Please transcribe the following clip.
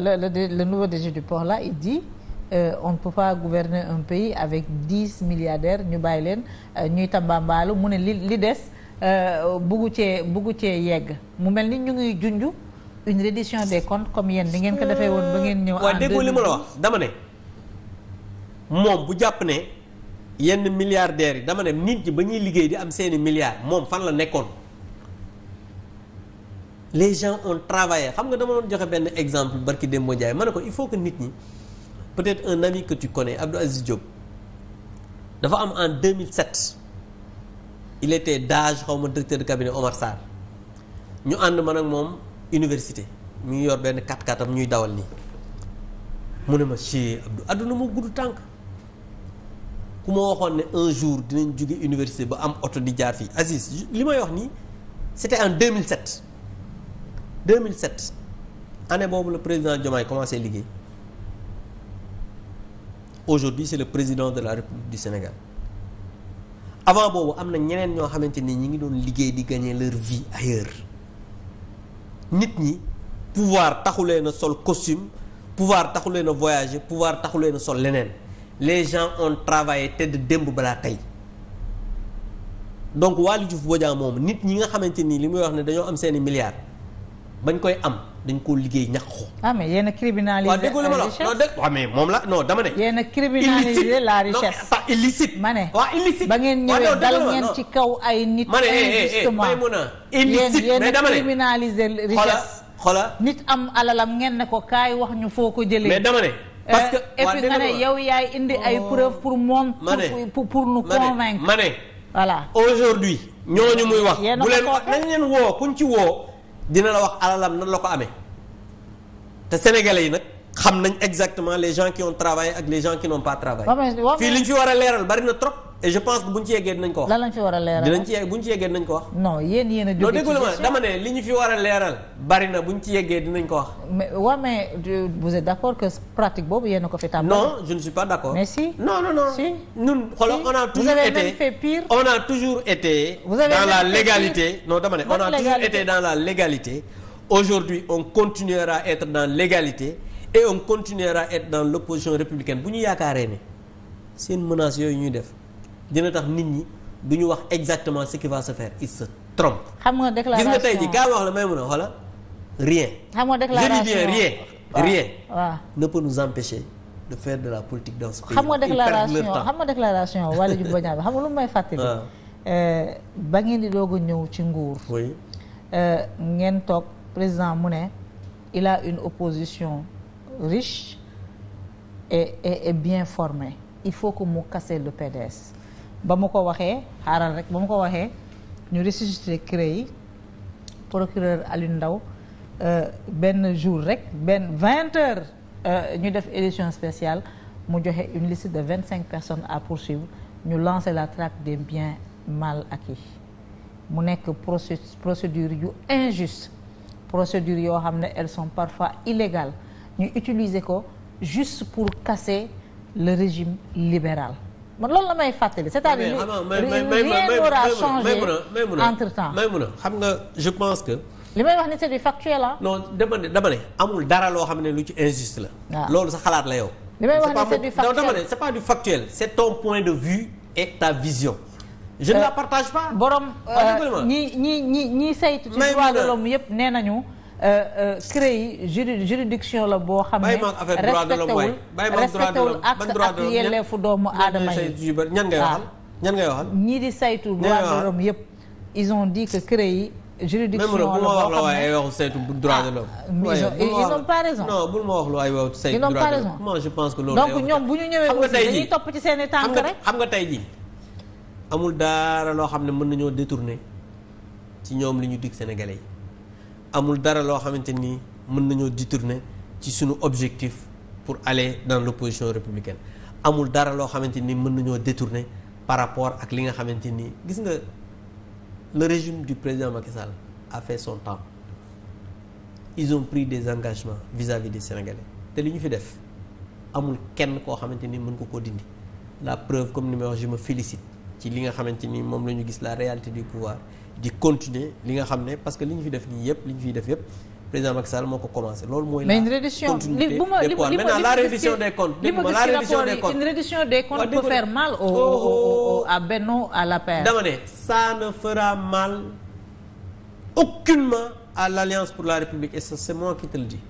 le, le, le nouveau DG du port là il euh, on ne peut pas gouverner un pays avec dix milliardaires ñu bàyyi leen euh, ñuy tambambaalu mu ne li li des euh, buggu cee buggu cee yegg mu mel ni ñu ngi junj une reddition des comptes comme yéen di ngeen ko defee woon ba ngeen ñëw. waaw déggoo li ma la wax dama ne moom bu jàpp ne yenn milliardaires yi dama ne nit ñi ba ñuy liggéey di am seeni milliards moom fan la nekkoon. les gens ont travaillé xam nga dama doon joxe benn exemple barki Demba Ndiaye ma ne ko il faut que nit ñi peut-être un ami que tu connais Abdou Aziz Diop dafa am en 2007 il était d'âge xaw ma directeur de cabinet Omar Sarr ñu ànd ma ak moom université mu ngi yor benn kat-kat ñuy dawal nii mu ne ma ci Abdou àdduna moo gudd tànk ku ma waxoon ne un jour dinañ jóge université ba am oto di jaar fii Aziz li may wax nii c'était en 2007. 2007 année boobu la président Diomaye commencé liggéey aujourd'hui c'est le président de la République du Sénégal avant boobu am na ñeneen ñoo xamante ni ñi ngi doon liggéey di gagner leur vie ailleurs nit ñi pouvoir taxulee na sol costume pouvoir taxulee na voyager pouvoir taxulee na sol leneen les gens ont travaillé tedd démb balaa tey donc Waly Diouf Bodiang moom nit ñi nga xamante nii li muy wax ne dañoo am seeni milliards bañ koy am dañ koo liggéey ñàkk ko. ah mais yéen a criminalisé waaw déggoo li ma la non dégg waaw mais moom la non dama ne. yéen a criminalisé la richesse non pas illicite. ma ne waaw illicite ba ngeen ñëwee dal ngeen ci kaw ay nit. ma ne justement may mun a illicite mais dama ne yéen criminalisé richesse. xola nit am alalam ngeen ne ko kaay wax ñu foo ko jëlee. mais dama ne. Eh, parce que waa dégg nga yow yaay indi ay oh. preuve pour moom. ma ne pour pour nous convaincre. ma ne voilà. aujourd'hui ñooñu muy wax. bu leen nañ leen woo kuñ ci woo. dina la wax alalam nan la ko amee te sénégalais yi nag xam nañ exactement les gens qui ont travaillé ak les gens qui n'ont pas travaillé fii li ñu fi war a leeral bari na trop et je pense que buñ ci yeggee dinañ ko wax. lan lañ fi war a leeral dinañ ci yegg buñ ci yeggee dinañ ko wax. no yen yéen a jóge ci li ñu fi war a leeral. bari na buñ ci yeggee dinañ ko wax. mais waa mais vous êtes d' accord que pratique boobu yéen a ko fi tàmbali. non je ne suis pas d' accord. mais si non non non. si ñun a toujours été on a dans la légalité no dama ne on a toujours été dans la légalité. aujourd'hui on continuera à être dans l'égalité et on continuera à être dans l'opposition républicaine bu ñu yaakaaree ne seen menaces yooyu ñuy def. dina tax nit ñi du ñu wax exactement ce qui va se faire il se trompe. xam nga déclaration gis nga tey jii gaa wax la may mun a xoolal rien. xam nga déclaration je dis bien rien. waaw de faire de la politique dans ce xam nga déclaration xam nga déclaration Waly Bodian xam nga lu may fàttali. Ah. Euh, ba ngeen di doog ñëw ci nguur. oui euh, ngeen toog président mu ne il a une opposition riche et et, et bien formée il faut que mu casser le PDS. ba mu ko waxee xaaral rek ba mu ko waxee ñu ressuscité CREI yi procureur Alioune Ndao euh, benn jour rek benn vingt heures euh, ñu def édition spéciale mu joxe une liste de vingt cinq personnes à poursuivre ñu lancer la traque des biens mal acquis mu nekk procédure yu injuste procédure yoo xam ne elles sont parfois illégales ñu utiliser ko juste pour casser le régime libéral man loolu la may fàttali c'est-à-dire ah rien n'aura changé entre temps may mun a xam nga je pense que li may wax ni c'est du factuel ah non dama ne dama ne amul dara loo xam ne lu ci injuste la ah. loolu sa xalaat la yow li may wax ni c'est du factuel non dama ne c'est ton point de vue et ta vision je ne euh, partage pas borom ah, euh, ñi ñi ñi ñi saytu ci droits de l'homme yëpp nee nañu Euh, euh, CREI juridiction la boo xam ne respectewul respectewul ak ak yelleefu doomu aadama yi ñan ngay waxal ah. ñan ngay waxal ñii di saytu droit de l'homme yëpp ils ont dit que CREI juridiction la boo xam ne ay waxu saytu droit de l'homme ah, ils n'ont pas raison non bul ma wax lu ay waxu saytu droit de l'homme ils n'ont pas raison moi je pense que loolu donc ñoom bu ñu ñëwee aussi dañuy topp ci seen i tànk rek xam nga tey jii amul dara loo xam ne mën nañoo détourner ci ñoom li ñu dig sénégalais yi amul dara loo xamante nii mën nañoo détourner ci suñu objectif pour aller dans l'opposition républicaine amul dara loo xamante ni mën nañoo détourner par rapport ak li nga xamante ni gis nga le régime du président Macky Sall a fait son temps ils ont pris des engagements vis-à-vis des Sénégalais te li ñu fi def amul kenn koo xamante ni mën ko ko dindi la preuve comme ni may wax félicite ci li nga xamante ni moom la ñu gis la réalité du pouvoir di continuer li nga xam ne parce que li ñu fi def nii yëpp li ñu fiy def yëpp président Macky Sall moo ko commencé loolu mooy. la continuité des pouvoirs maintenant la reddition des comptes. li gis ci rapport yi une reddition des comptes peut faire mal oh, oh, oh, au à Benno à l'APR. dama ne ça ne mal aucunement à l'Alliance pour la République et c'est moi qui te